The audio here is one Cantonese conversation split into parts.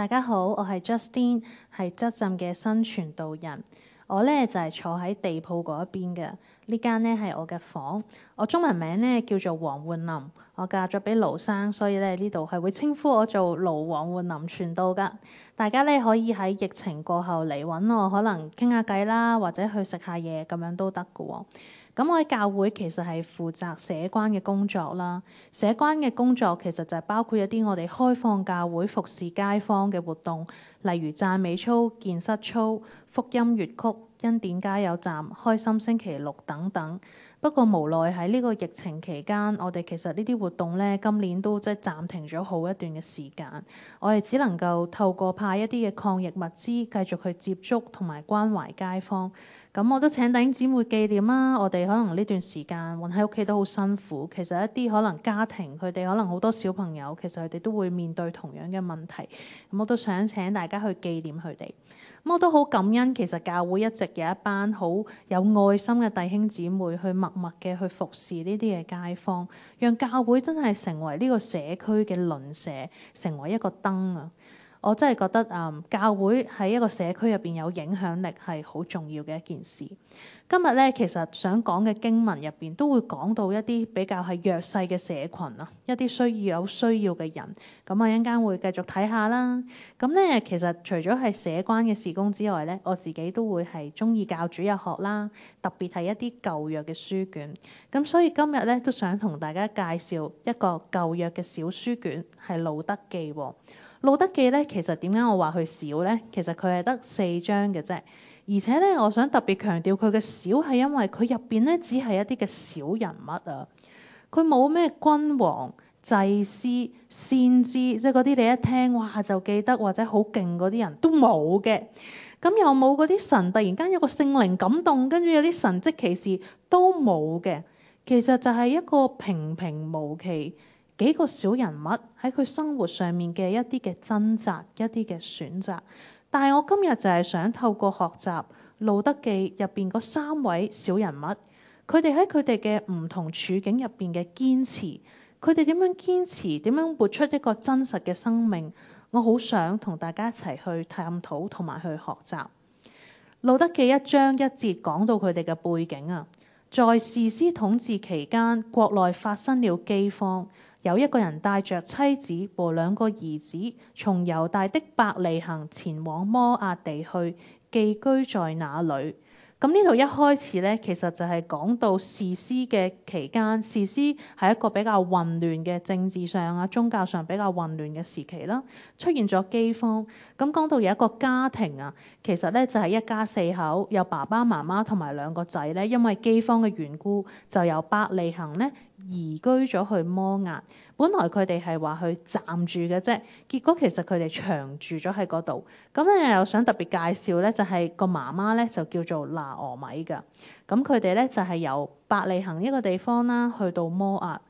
大家好，我係 Justin，係執浸嘅新傳道人。我呢就係、是、坐喺地鋪嗰一邊嘅呢間呢係我嘅房。我中文名呢叫做黃煥林，我嫁咗俾盧生，所以咧呢度係會稱呼我做盧黃煥林傳道噶。大家呢可以喺疫情過後嚟揾我，可能傾下偈啦，或者去食下嘢咁樣都得噶、哦。咁我喺教會其實，係負責社關嘅工作啦，社關嘅工作其實就係包括一啲我哋開放教會服侍街坊嘅活動，例如讚美操、健身操、福音粵曲、恩典加油站、開心星期六等等。不過無奈喺呢個疫情期間，我哋其實呢啲活動咧今年都即係暫停咗好一段嘅時間，我哋只能夠透過派一啲嘅抗疫物資繼續去接觸同埋關懷街坊。咁我都請弟兄姊妹紀念啦，啊。我哋可能呢段時間混喺屋企都好辛苦。其實一啲可能家庭佢哋可能好多小朋友，其實佢哋都會面對同樣嘅問題。咁我都想請大家去紀念佢哋。咁我都好感恩，其實教會一直有一班好有愛心嘅弟兄姊妹去默默嘅去服侍呢啲嘅街坊，讓教會真係成為呢個社區嘅鄰舍，成為一個燈啊！我真係覺得，嗯，教會喺一個社區入邊有影響力係好重要嘅一件事。今日咧，其實想講嘅經文入邊都會講到一啲比較係弱勢嘅社群啊，一啲需要有需要嘅人。咁我一陣間會繼續睇下啦。咁咧，其實除咗係社關嘅事工之外咧，我自己都會係中意教主日學啦，特別係一啲舊約嘅書卷。咁所以今日咧都想同大家介紹一個舊約嘅小書卷係《路德記》喎。《路德記》咧，其實點解我話佢少咧？其實佢係得四章嘅啫。而且咧，我想特別強調佢嘅少係因為佢入邊咧，只係一啲嘅小人物啊。佢冇咩君王、祭司、先知，即係嗰啲你一聽哇就記得或者好勁嗰啲人都冇嘅。咁又冇嗰啲神突然間有個聖靈感動，跟住有啲神蹟奇事都冇嘅。其實就係一個平平無奇，幾個小人物喺佢生活上面嘅一啲嘅掙扎，一啲嘅選擇。但係我今日就係想透過學習《路德記》入邊嗰三位小人物，佢哋喺佢哋嘅唔同處境入邊嘅堅持，佢哋點樣堅持，點樣活出一個真實嘅生命。我好想同大家一齊去探討同埋去學習《路德記》一章一節講到佢哋嘅背景啊，在士師統治期間，國內發生了饑荒。有一個人帶着妻子和兩個兒子，從猶大的伯利恆前往摩押地去寄居在那裏。咁呢度一開始呢，其實就係講到士師嘅期間，士師係一個比較混亂嘅政治上啊、宗教上比較混亂嘅時期啦。出現咗饑荒。咁、嗯、講到有一個家庭啊，其實呢就係、是、一家四口，有爸爸媽媽同埋兩個仔呢。因為饑荒嘅緣故，就由伯利恆呢。移居咗去摩押，本來佢哋係話去暫住嘅啫，結果其實佢哋長住咗喺嗰度。咁咧我想特別介紹咧，就係、是、個媽媽咧就叫做拿俄米嘅。咁佢哋咧就係、是、由伯利恆一個地方啦，去到摩押。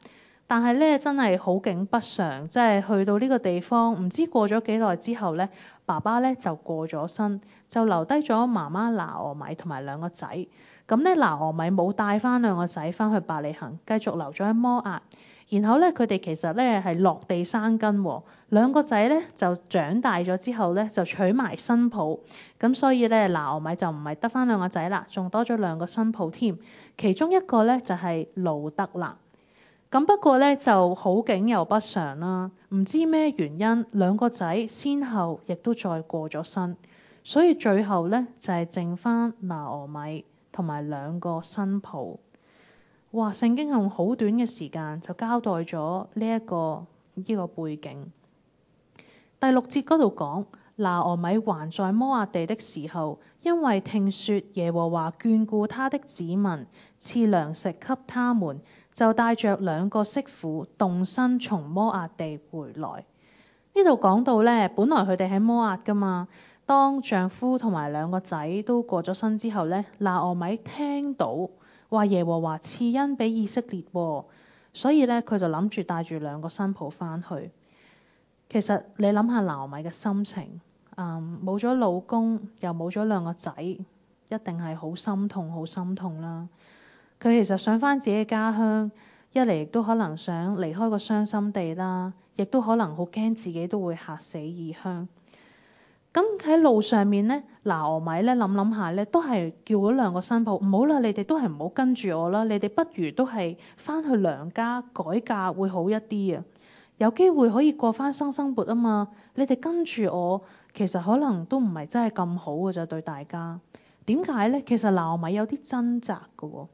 但係咧真係好景不常，即、就、係、是、去到呢個地方，唔知過咗幾耐之後咧，爸爸咧就過咗身，就留低咗媽媽拿俄米同埋兩個仔。咁咧，拿俄米冇帶翻兩個仔翻去百里行，繼續留咗喺摩押。然後咧，佢哋其實咧係落地生根，哦，兩個仔咧就長大咗之後咧就娶埋新抱。咁所以咧，拿俄米就唔係得翻兩個仔啦，仲多咗兩個新抱添。其中一個咧就係、是、路德啦。咁不過咧就好景又不常啦，啊，唔知咩原因，兩個仔先後亦都再過咗身，所以最後咧就係、是、剩翻拿俄米。同埋兩個新抱，哇！聖經用好短嘅時間就交代咗呢一個呢個背景。第六節嗰度講，拿俄米還在摩亞地的時候，因為聽說耶和華眷顧他的子民，賜糧食給他們，就帶着兩個媳婦動身從摩亞地回來。呢度講到呢，本來佢哋喺摩亞噶嘛。當丈夫同埋兩個仔都過咗身之後呢，拿俄米聽到話耶和華賜恩俾以色列喎，所以呢，佢就諗住帶住兩個新抱返去。其實你諗下拿俄米嘅心情，嗯，冇咗老公又冇咗兩個仔，一定係好心痛，好心痛啦。佢其實想返自己嘅家鄉，一嚟亦都可能想離開個傷心地啦，亦都可能好驚自己都會吓死異鄉。咁喺路上面呢，嗱，俄米咧諗諗下咧，都係叫嗰兩個新抱唔好啦，你哋都係唔好跟住我啦，你哋不如都係翻去娘家改嫁會好一啲啊！有機會可以過翻新生活啊嘛！你哋跟住我，其實可能都唔係真係咁好嘅咋，對大家點解呢？其實俄米有啲掙扎嘅喎、哦，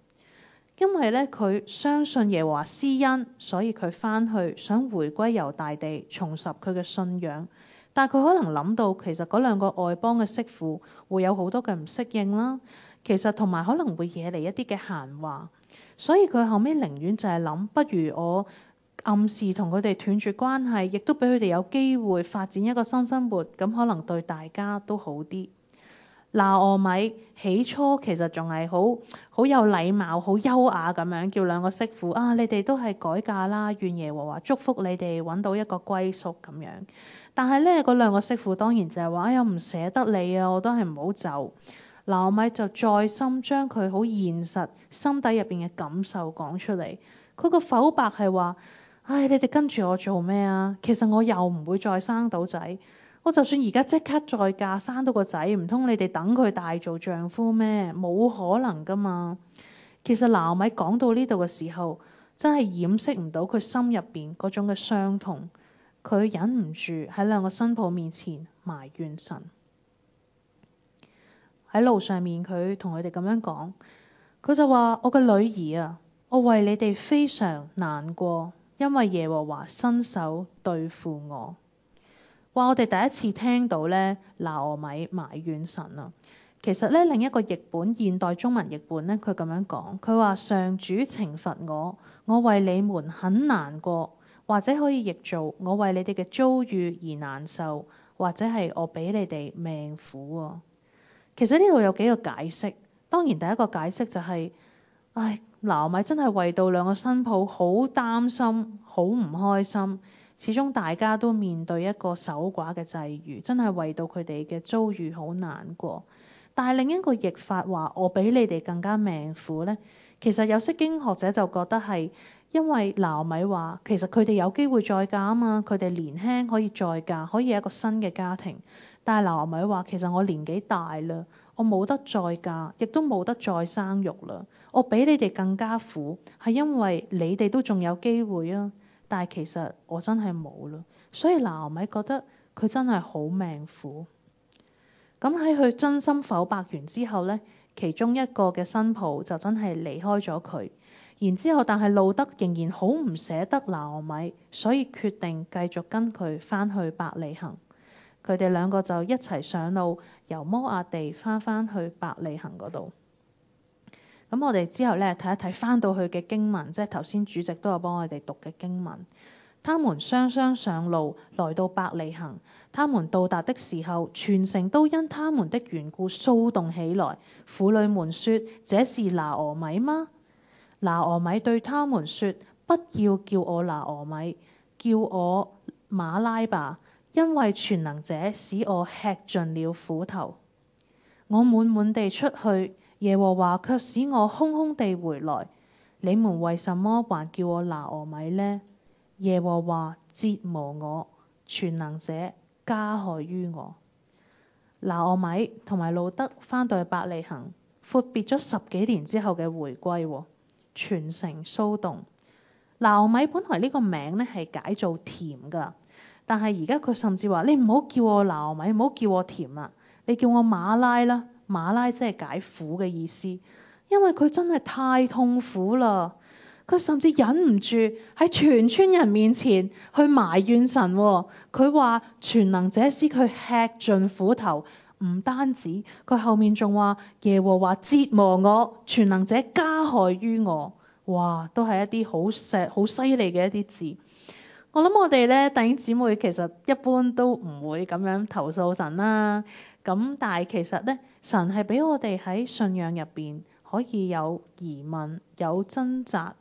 因為呢，佢相信耶和華施恩，所以佢翻去想回歸猶大地重拾佢嘅信仰。但佢可能諗到，其實嗰兩個外邦嘅媳婦會有好多嘅唔適應啦。其實同埋可能會惹嚟一啲嘅閒話，所以佢後尾寧願就係諗，不如我暗示同佢哋斷絕關係，亦都俾佢哋有機會發展一個新生活，咁可能對大家都好啲。嗱，俄米起初其實仲係好好有禮貌、好優雅咁樣叫兩個媳婦啊，你哋都係改嫁啦，願耶和華祝福你哋揾到一個歸宿咁樣。但係咧，嗰兩個媳婦當然就係話：哎，唔捨得你啊，我都係唔好走。拿俄米就再深將佢好現實心底入邊嘅感受講出嚟。佢個剖白係話：唉、哎，你哋跟住我做咩啊？其實我又唔會再生到仔。我就算而家即刻再嫁生到個仔，唔通你哋等佢大做丈夫咩？冇可能噶嘛。其實，拿俄米講到呢度嘅時候，真係掩飾唔到佢心入邊嗰種嘅傷痛。佢忍唔住喺兩個新抱面前埋怨神。喺路上面，佢同佢哋咁樣講，佢就話：我嘅女兒啊，我為你哋非常難過，因為耶和華伸手對付我。話我哋第一次聽到呢，拿俄米埋怨神啊。其實呢，另一個譯本現代中文譯本呢，佢咁樣講，佢話上主懲罰我，我為你們很難過。或者可以譯做：我為你哋嘅遭遇而難受，或者係我俾你哋命苦喎。其實呢度有幾個解釋。當然第一個解釋就係：唉，拿米真係為到兩個新抱好擔心、好唔開心。始終大家都面對一個守寡嘅際遇，真係為到佢哋嘅遭遇好難過。但係另一個譯法話：我俾你哋更加命苦呢。」其實有釋經學者就覺得係因為拿俄米話，其實佢哋有機會再嫁啊嘛，佢哋年輕可以再嫁，可以有一個新嘅家庭。但係拿俄米話，其實我年紀大啦，我冇得再嫁，亦都冇得再生育啦。我比你哋更加苦，係因為你哋都仲有機會啊，但係其實我真係冇啦。所以拿俄米覺得佢真係好命苦。咁喺佢真心剖白完之後呢。其中一個嘅新抱就真係離開咗佢，然之後但係路德仍然好唔捨得拿俄米，所以決定繼續跟佢翻去百里行。佢哋兩個就一齊上路，由摩亞地翻翻去百里行嗰度。咁我哋之後呢，睇一睇翻到去嘅經文，即係頭先主席都有幫我哋讀嘅經文。他們雙雙上路，來到百里行。他們到達的時候，全城都因他們的緣故騷動起來。婦女們說：這是拿俄米嗎？拿俄米對他們說：不要叫我拿俄米，叫我馬拉吧，因為全能者使我吃盡了苦頭。我滿滿地出去，耶和華卻使我空空地回來。你們為什麼還叫我拿俄米呢？耶和華折磨我，全能者。加害於我。拿俄米同埋路德返到去伯利恆，闊別咗十幾年之後嘅回歸，全城騷動。拿俄米本來呢個名呢係解做甜噶，但係而家佢甚至話：你唔好叫我拿俄米，唔好叫我甜啦，你叫我馬拉啦。馬拉即係解苦嘅意思，因為佢真係太痛苦啦。佢甚至忍唔住喺全村人面前去埋怨神，哦。佢話全能者使佢吃盡苦頭，唔單止，佢後面仲話耶和華折磨我，全能者加害於我。哇，都係一啲好石好犀利嘅一啲字。我諗我哋咧弟兄姊妹其實一般都唔會咁樣投訴神啦。咁但係其實咧，神係俾我哋喺信仰入邊可以有疑問、有掙扎。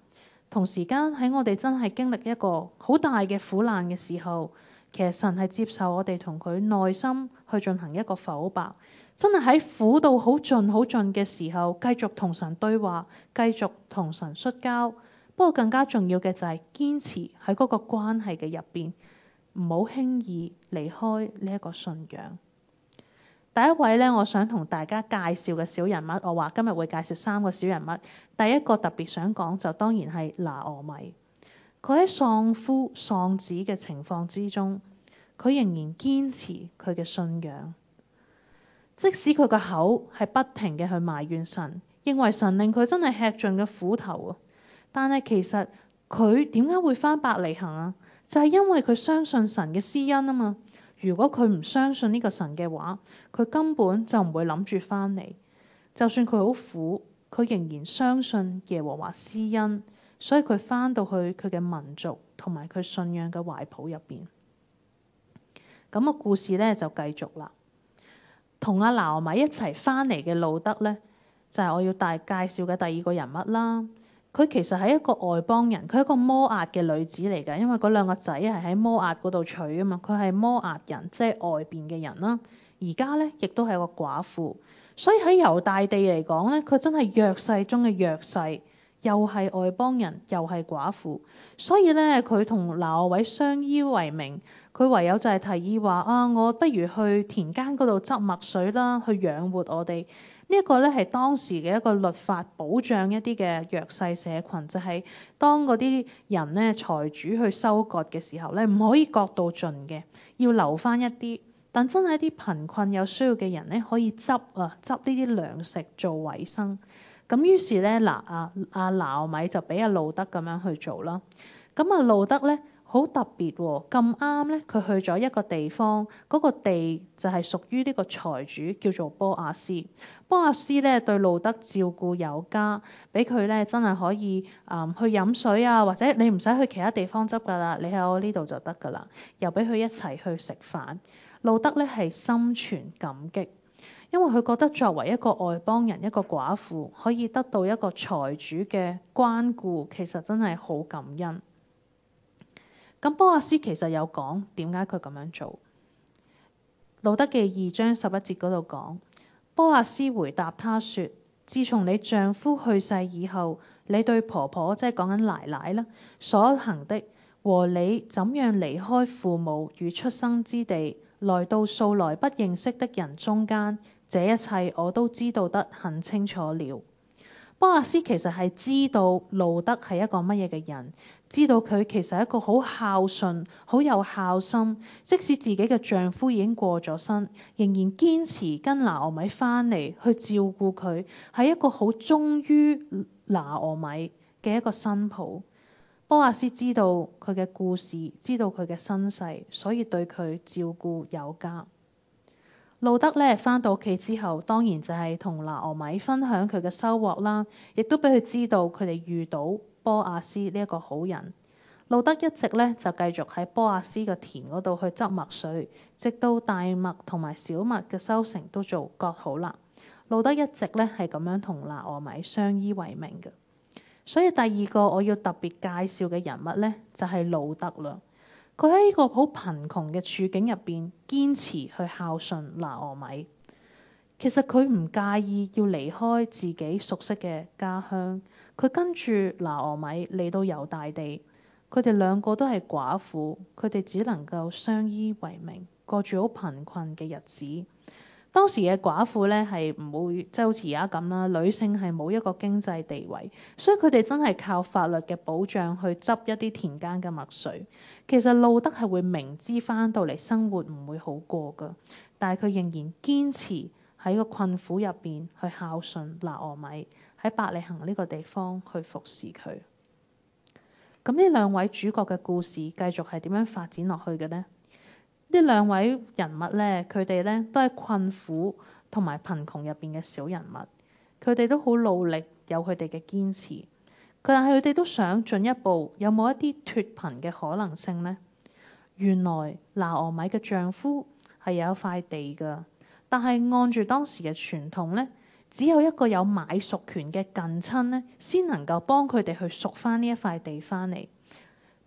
同時間喺我哋真係經歷一個好大嘅苦難嘅時候，其實神係接受我哋同佢內心去進行一個剖白，真係喺苦到好盡好盡嘅時候，繼續同神對話，繼續同神摔交。不過更加重要嘅就係堅持喺嗰個關係嘅入邊，唔好輕易離開呢一個信仰。第一位咧，我想同大家介紹嘅小人物，我話今日會介紹三個小人物。第一個特別想講就當然係拿俄米，佢喺喪夫喪子嘅情況之中，佢仍然堅持佢嘅信仰，即使佢個口係不停嘅去埋怨神，認為神令佢真係吃盡咗苦頭啊，但係其實佢點解會返伯利恆啊？就係因為佢相信神嘅私恩啊嘛。如果佢唔相信呢個神嘅話，佢根本就唔會諗住翻嚟。就算佢好苦，佢仍然相信耶和華施恩，所以佢翻到去佢嘅民族同埋佢信仰嘅懷抱入邊。咁個故事呢就繼續啦。同拿俄米一齊翻嚟嘅路德呢，就係、是、我要帶介紹嘅第二個人物啦。佢其實係一個外邦人，佢係一個摩押嘅女子嚟㗎，因為嗰兩個仔係喺摩押嗰度娶啊嘛，佢係摩押人，即係外邊嘅人啦。而家呢，亦都係個寡婦，所以喺猶大地嚟講呢，佢真係弱勢中嘅弱勢，又係外邦人，又係寡婦，所以呢，佢同拿俄米相依為命，佢唯有就係提議話啊，我不如去田間嗰度執麥穗啦，去養活我哋。呢一個咧係當時嘅一個律法，保障一啲嘅弱勢社群，就係、是、當嗰啲人呢，財主去收割嘅時候呢，唔可以割到盡嘅，要留翻一啲，但真係啲貧困有需要嘅人呢，可以執啊，執呢啲糧食做維生。咁於是呢，嗱，阿阿拿米就俾阿、啊、路德咁樣去做啦。咁啊，路德呢。好特別喎、哦！咁啱咧，佢去咗一個地方，嗰、那個地就係屬於呢個財主，叫做波亞斯。波亞斯咧對路德照顧有加，俾佢咧真係可以啊、嗯、去飲水啊，或者你唔使去其他地方執噶啦，你喺我呢度就得噶啦。又俾佢一齊去食飯。路德咧係心存感激，因為佢覺得作為一個外邦人、一個寡婦，可以得到一個財主嘅關顧，其實真係好感恩。咁波阿斯其實有講點解佢咁樣做？路德記二章十一節嗰度講，波阿斯回答他說：自從你丈夫去世以後，你對婆婆即係講緊奶奶啦所行的，和你怎樣離開父母與出生之地，來到素來不認識的人中間，這一切我都知道得很清楚了。波阿斯其實係知道路德係一個乜嘢嘅人。知道佢其實一個好孝順、好有孝心，即使自己嘅丈夫已經過咗身，仍然堅持跟拿俄米返嚟去照顧佢，係一個好忠於拿俄米嘅一個新抱。波亞斯知道佢嘅故事，知道佢嘅身世，所以對佢照顧有加。路德呢返到屋企之後，當然就係同拿俄米分享佢嘅收穫啦，亦都俾佢知道佢哋遇到。波亞斯呢一個好人，路德一直呢就繼續喺波亞斯嘅田嗰度去執麥穗，直到大麥同埋小麥嘅收成都做割好啦。路德一直呢係咁樣同拿俄米相依為命嘅，所以第二個我要特別介紹嘅人物呢，就係路德啦。佢喺一個好貧窮嘅處境入邊，堅持去孝順拿俄米。其實佢唔介意要離開自己熟悉嘅家鄉，佢跟住拿俄米嚟到猶大地。佢哋兩個都係寡婦，佢哋只能夠相依為命，過住好貧困嘅日子。當時嘅寡婦呢，係唔會即係好似而家咁啦，女性係冇一個經濟地位，所以佢哋真係靠法律嘅保障去執一啲田間嘅麥穗。其實路德係會明知翻到嚟生活唔會好過噶，但係佢仍然堅持。喺個困苦入邊去孝順拿俄米，喺伯利恒呢個地方去服侍佢。咁呢兩位主角嘅故事繼續係點樣發展落去嘅呢？呢兩位人物呢，佢哋呢都係困苦同埋貧窮入邊嘅小人物，佢哋都好努力，有佢哋嘅堅持。但係佢哋都想進一步，有冇一啲脫貧嘅可能性呢？原來拿俄米嘅丈夫係有一塊地噶。但係按住當時嘅傳統呢，只有一個有買贖權嘅近親呢，先能夠幫佢哋去贖翻呢一塊地翻嚟。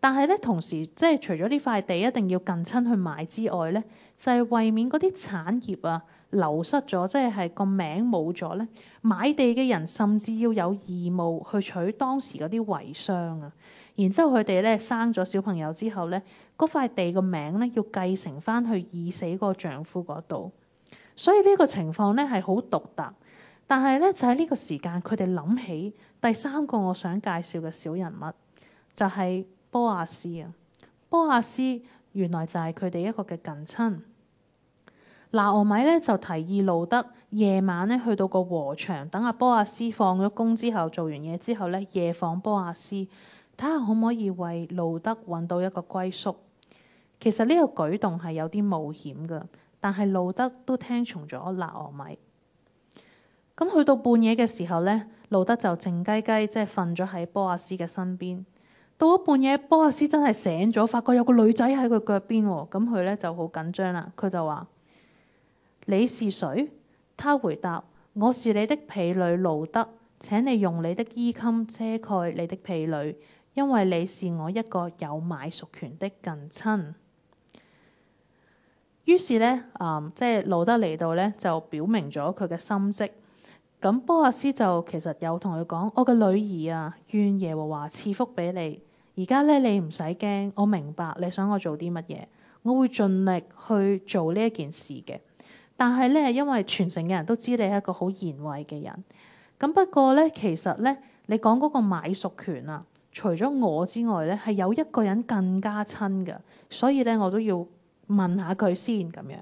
但係呢，同時即係除咗呢塊地一定要近親去買之外呢，就係為免嗰啲產業啊流失咗，即係係個名冇咗呢，買地嘅人甚至要有義務去取當時嗰啲遺孀啊。然之後佢哋咧生咗小朋友之後呢，嗰塊地個名呢要繼承翻去已死個丈夫嗰度。所以呢個情況呢係好獨特，但係呢，就喺呢個時間，佢哋諗起第三個我想介紹嘅小人物，就係波亞斯啊。波亞斯原來就係佢哋一個嘅近親。嗱，俄米呢就提議路德夜晚呢去到個禾場，等阿波亞斯放咗工之後，做完嘢之後呢，夜訪波亞斯，睇下可唔可以為路德揾到一個歸宿。其實呢個舉動係有啲冒險噶。但係路德都聽從咗拿俄米。咁去到半夜嘅時候呢，路德就靜雞雞即係瞓咗喺波亞斯嘅身邊。到咗半夜，波亞斯真係醒咗，發覺有個女仔喺佢腳邊喎。咁佢呢就好緊張啦。佢就話：你是誰？他回答：我是你的婢女路德。請你用你的衣襟遮蓋你的婢女，因為你是我一個有買贖權的近親。於是咧，嗯，即係路得嚟到咧，就表明咗佢嘅心跡。咁波阿斯就其實有同佢講：我嘅女兒啊，願耶和華賜福俾你。而家咧，你唔使驚，我明白你想我做啲乜嘢，我會盡力去做呢一件事嘅。但係咧，因為全城嘅人都知你係一個好賢慧嘅人。咁不過咧，其實咧，你講嗰個買贖權啊，除咗我之外咧，係有一個人更加親嘅，所以咧，我都要。問下佢先，咁樣，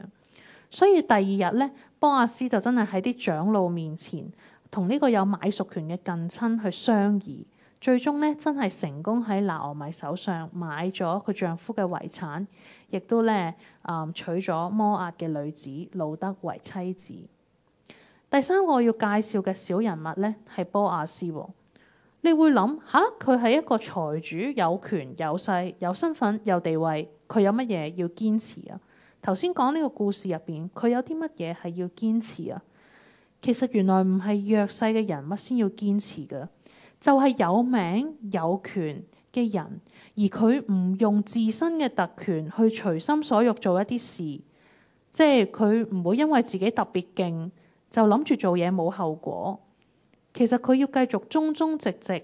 所以第二日咧，波亞斯就真係喺啲長老面前同呢個有買贖權嘅近親去商議，最終咧，真係成功喺拿俄米手上買咗佢丈夫嘅遺產，亦都咧啊、嗯、娶咗摩亞嘅女子路德為妻子。第三個要介紹嘅小人物咧，係波亞斯、哦。你會諗吓，佢係一個財主，有權有勢，有身份有地位，佢有乜嘢要堅持啊？頭先講呢個故事入邊，佢有啲乜嘢係要堅持啊？其實原來唔係弱勢嘅人物先要堅持嘅，就係有名有權嘅人，而佢唔用自身嘅特權去隨心所欲做一啲事，即係佢唔會因為自己特別勁就諗住做嘢冇後果。其實佢要繼續忠忠直直、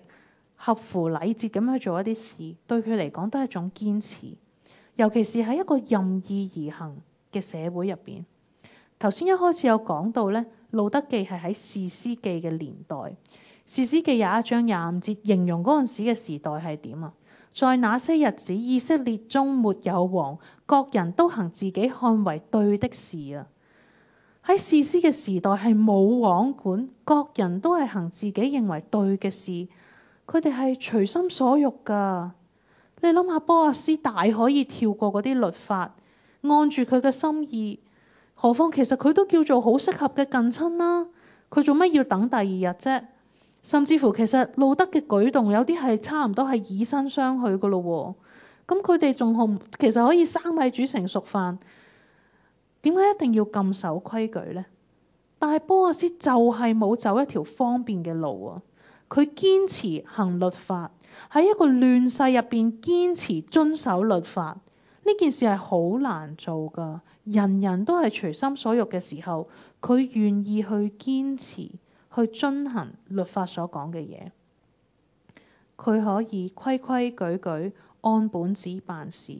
合乎禮節咁去做一啲事，對佢嚟講都係一種堅持，尤其是喺一個任意而行嘅社會入邊。頭先一開始有講到呢，路德記係喺士師記嘅年代，士師記有一章廿五節形容嗰陣時嘅時代係點啊？在那些日子，以色列中沒有王，各人都行自己看為對的事啊！喺士師嘅時代係冇王管，各人都係行自己認為對嘅事，佢哋係隨心所欲噶。你諗下，波亞斯大可以跳過嗰啲律法，按住佢嘅心意。何況其實佢都叫做好適合嘅近親啦。佢做乜要等第二日啫？甚至乎其實路德嘅舉動有啲係差唔多係以身相許噶咯喎。咁佢哋仲可其實可以生米煮成熟飯。點解一定要咁守規矩呢？但係波亞斯就係冇走一條方便嘅路啊！佢堅持行律法，喺一個亂世入邊，堅持遵守律法呢件事係好難做㗎。人人都係隨心所欲嘅時候，佢願意去堅持去遵行律法所講嘅嘢，佢可以規規矩矩按本子辦事。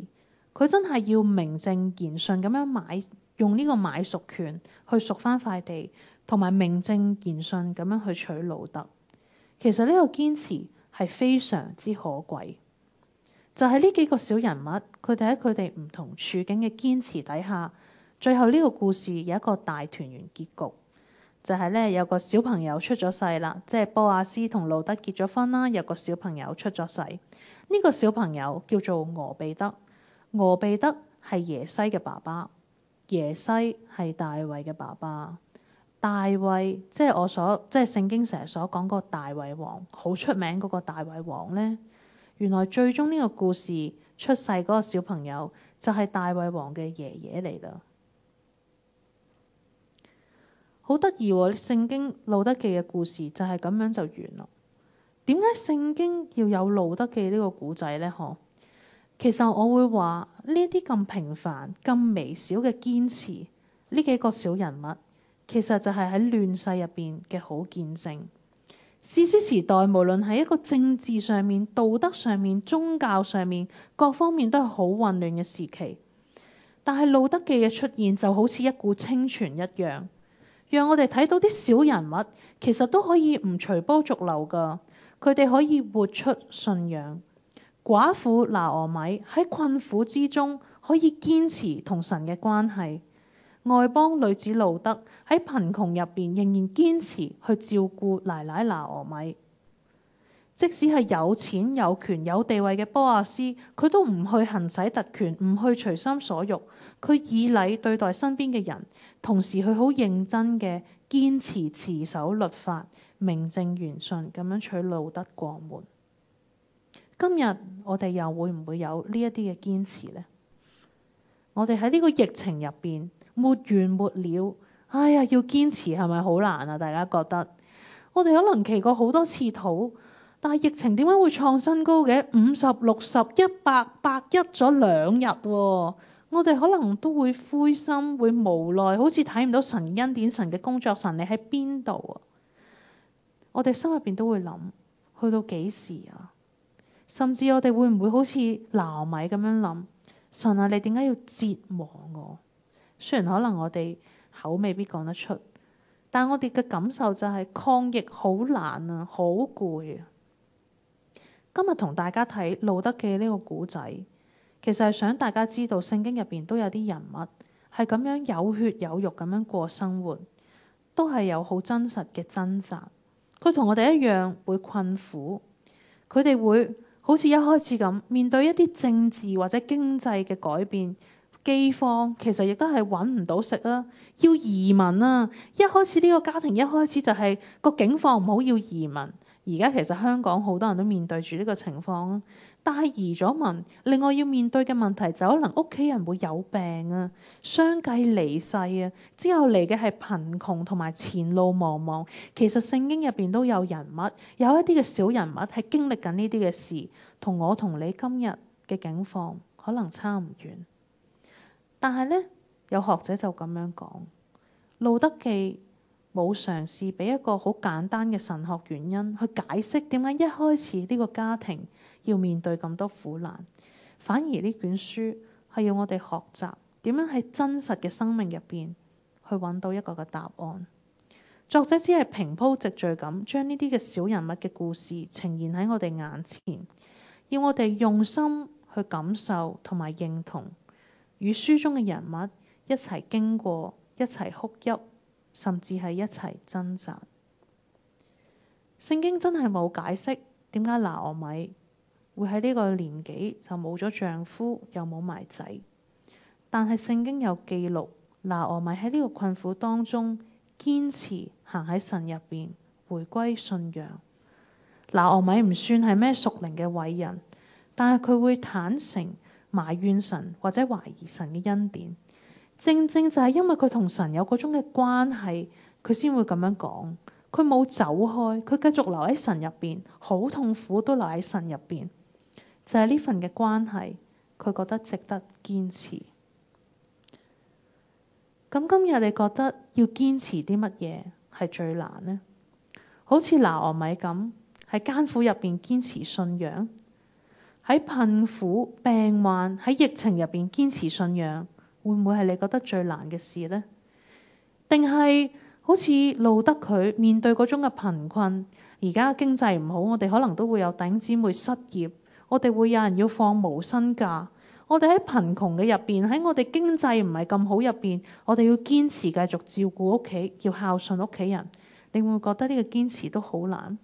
佢真係要名正言順咁樣買。用呢個買贖權去贖翻塊地，同埋名正言順咁樣去取路德。其實呢個堅持係非常之可貴。就喺、是、呢幾個小人物，佢哋喺佢哋唔同處境嘅堅持底下，最後呢個故事有一個大團圓結局。就係、是、呢：有個小朋友出咗世啦，即係波亞斯同路德結咗婚啦，有個小朋友出咗世。呢、這個小朋友叫做俄貝德，俄貝德係耶西嘅爸爸。耶西係大衛嘅爸爸，大衛即係我所即係聖經成日所講嗰個大衛王，好出名嗰個大衛王呢，原來最終呢個故事出世嗰個小朋友就係大衛王嘅爺爺嚟啦，好得意喎！聖經路得記嘅故事就係咁樣就完啦，點解聖經要有路得記呢個古仔呢？嗬？其實我會話呢啲咁平凡、咁微小嘅堅持，呢幾個小人物，其實就係喺亂世入邊嘅好見證。士師時代無論喺一個政治上面、道德上面、宗教上面各方面都係好混亂嘅時期，但係路德記嘅出現就好似一股清泉一樣，讓我哋睇到啲小人物其實都可以唔隨波逐流噶，佢哋可以活出信仰。寡婦拿俄米喺困苦之中可以堅持同神嘅關係，外邦女子路德喺貧窮入邊仍然堅持去照顧奶奶拿俄米。即使係有錢有權有地位嘅波亞斯，佢都唔去行使特權，唔去隨心所欲，佢以禮對待身邊嘅人，同時佢好認真嘅堅持持守律法，名正言順咁樣娶路德過門。今日我哋又會唔會有呢一啲嘅堅持呢？我哋喺呢個疫情入邊，沒完沒了。哎呀，要堅持係咪好難啊？大家覺得我哋可能祈過好多次禱，但係疫情點解會創新高嘅？五十六十、一百、百一咗兩日，啊，我哋可能都會灰心，會無奈，好似睇唔到神恩典、神嘅工作、神你喺邊度啊？我哋心入邊都會諗，去到幾時啊？甚至我哋會唔會好似拿米咁樣諗？神啊，你點解要折磨我？雖然可能我哋口未必講得出，但我哋嘅感受就係抗疫好難啊，好攰啊！今日同大家睇路得記呢個故仔，其實係想大家知道聖經入邊都有啲人物係咁樣有血有肉咁樣過生活，都係有好真實嘅掙扎。佢同我哋一樣會困苦，佢哋會。好似一開始咁，面對一啲政治或者經濟嘅改變，饑荒其實亦都係揾唔到食啊，要移民啊！一開始呢個家庭一開始就係個境況唔好，要移民。而家其實香港好多人都面對住呢個情況啊，但係移咗民，另外要面對嘅問題就可能屋企人會有病啊，相繼離世啊，之後嚟嘅係貧窮同埋前路茫茫。其實聖經入邊都有人物，有一啲嘅小人物係經歷緊呢啲嘅事，同我同你今日嘅境況可能差唔遠。但係呢，有學者就咁樣講，《路得記》，冇嘗試俾一個好簡單嘅神學原因去解釋點解一開始呢個家庭要面對咁多苦難，反而呢卷書係要我哋學習點樣喺真實嘅生命入邊去揾到一個嘅答案。作者只係平鋪直敘咁將呢啲嘅小人物嘅故事呈現喺我哋眼前，要我哋用心去感受同埋認同，與書中嘅人物一齊經過，一齊哭泣。甚至係一齊掙扎。聖經真係冇解釋點解拿俄米會喺呢個年紀就冇咗丈夫，又冇埋仔。但係聖經有記錄，拿俄米喺呢個困苦當中堅持行喺神入邊，回歸信仰。拿俄米唔算係咩屬靈嘅偉人，但係佢會坦誠埋怨神，或者懷疑神嘅恩典。正正就係因為佢同神有嗰種嘅關係，佢先會咁樣講。佢冇走開，佢繼續留喺神入邊，好痛苦都留喺神入邊。就係、是、呢份嘅關係，佢覺得值得堅持。咁今日你覺得要堅持啲乜嘢係最難呢？好似拿俄米咁，喺艱苦入邊堅持信仰，喺貧苦病患喺疫情入邊堅持信仰。會唔會係你覺得最難嘅事呢？定係好似路得佢面對嗰種嘅貧困，而家經濟唔好，我哋可能都會有頂姊妹失業，我哋會有人要放無薪假，我哋喺貧窮嘅入邊，喺我哋經濟唔係咁好入邊，我哋要堅持繼續照顧屋企，要孝順屋企人，你會唔會覺得呢個堅持都好難？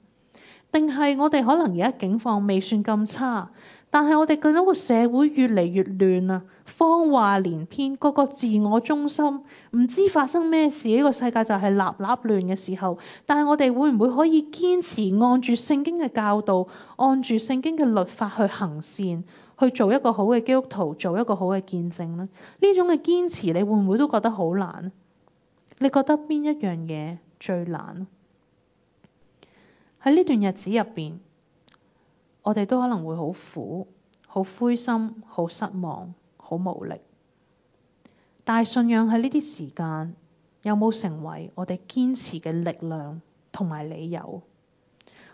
定係我哋可能而家境況未算咁差？但係我哋咁樣，個社會越嚟越亂啊，謊話連篇，個個自我中心，唔知發生咩事，呢個世界就係立立亂嘅時候。但係我哋會唔會可以堅持按住聖經嘅教導，按住聖經嘅律法去行善，去做一個好嘅基督徒，做一個好嘅見證呢？呢種嘅堅持，你會唔會都覺得好難咧？你覺得邊一樣嘢最難？喺呢段日子入邊。我哋都可能會好苦、好灰心、好失望、好無力。但係信仰喺呢啲時間，有冇成為我哋堅持嘅力量同埋理由？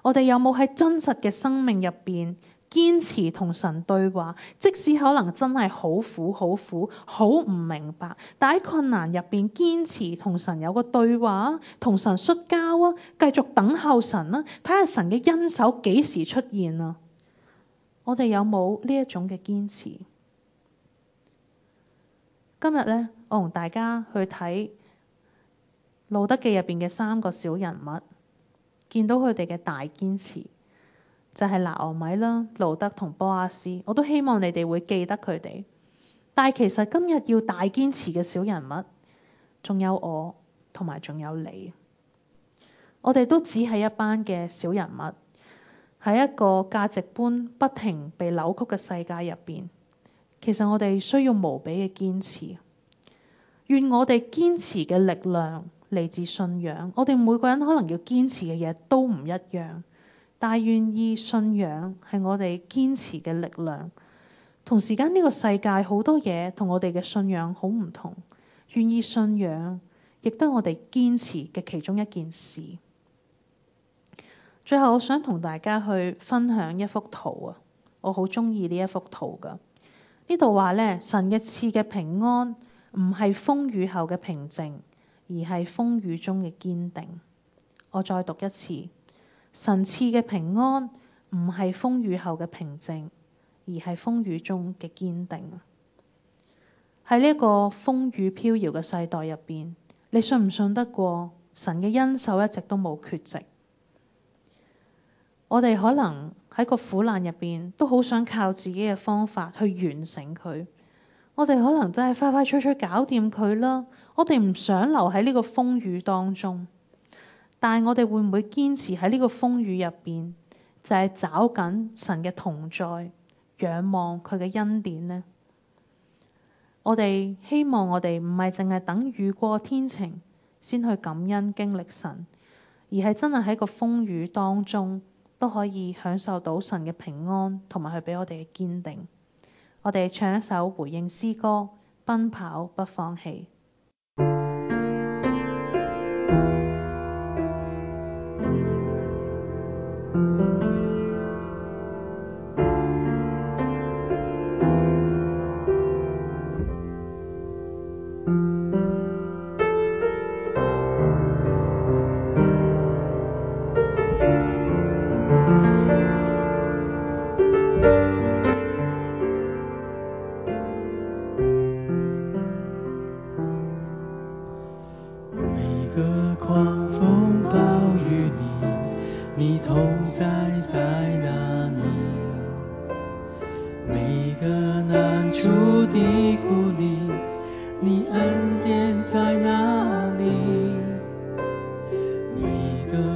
我哋有冇喺真實嘅生命入邊堅持同神對話？即使可能真係好苦、好苦、好唔明白，但喺困難入邊堅持同神有個對話，同神摔跤啊，繼續等候神啊，睇下神嘅恩手幾時出現啊！我哋有冇呢一種嘅堅持？今日呢，我同大家去睇《路德記》入邊嘅三個小人物，見到佢哋嘅大堅持，就係拿俄米啦、路德同波阿斯。我都希望你哋會記得佢哋。但係其實今日要大堅持嘅小人物，仲有我同埋仲有你，我哋都只係一班嘅小人物。喺一個價值觀不停被扭曲嘅世界入邊，其實我哋需要無比嘅堅持。願我哋堅持嘅力量嚟自信仰。我哋每個人可能要堅持嘅嘢都唔一樣，但係願意信仰係我哋堅持嘅力量。同時間呢個世界好多嘢同我哋嘅信仰好唔同，願意信仰亦都係我哋堅持嘅其中一件事。最後，我想同大家去分享一幅圖啊！我好中意呢一幅圖噶。呢度話呢，神嘅賜嘅平安唔係風雨後嘅平靜，而係風雨中嘅堅定。我再讀一次：神賜嘅平安唔係風雨後嘅平靜，而係風雨中嘅堅定啊！喺呢個風雨飄搖嘅世代入邊，你信唔信得過神嘅恩手一直都冇缺席？我哋可能喺個苦難入邊都好想靠自己嘅方法去完成佢。我哋可能真係快快脆脆搞掂佢啦。我哋唔想留喺呢個風雨當中，但係我哋會唔會堅持喺呢個風雨入邊，就係找緊神嘅同在，仰望佢嘅恩典呢？我哋希望我哋唔係淨係等雨過天晴先去感恩經歷神，而係真係喺個風雨當中。都可以享受到神嘅平安，同埋佢畀我哋嘅堅定。我哋唱一首回應詩歌，奔跑不放棄。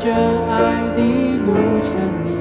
這愛的路上。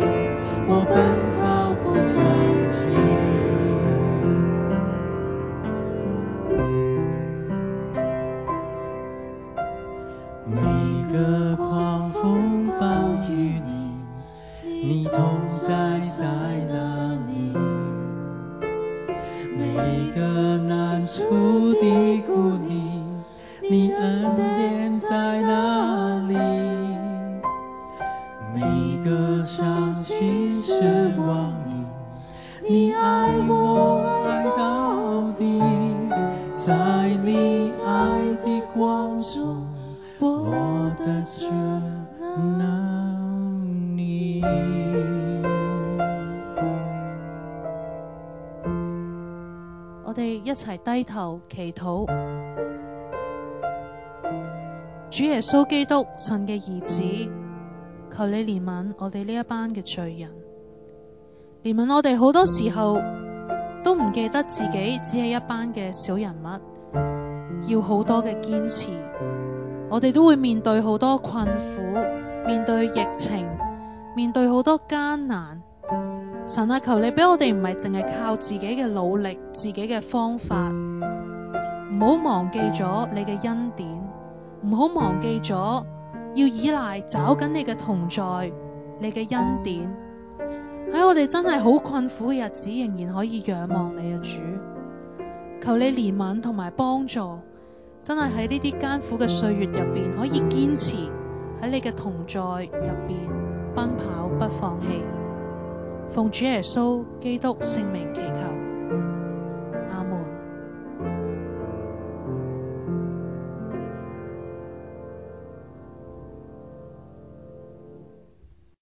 一齊低頭祈禱，主耶穌基督，神嘅兒子，求你憐憫我哋呢一班嘅罪人，憐憫我哋好多時候都唔記得自己只係一班嘅小人物，要好多嘅堅持，我哋都會面對好多困苦，面對疫情，面對好多艱難。神啊，求你俾我哋唔係淨係靠自己嘅努力、自己嘅方法，唔好忘記咗你嘅恩典，唔好忘記咗要依賴、找緊你嘅同在、你嘅恩典。喺、哎、我哋真係好困苦嘅日子，仍然可以仰望你啊，主！求你憐憫同埋幫助，真係喺呢啲艱苦嘅歲月入邊可以堅持喺你嘅同在入邊奔跑不放棄。奉主耶穌基督聖名祈求。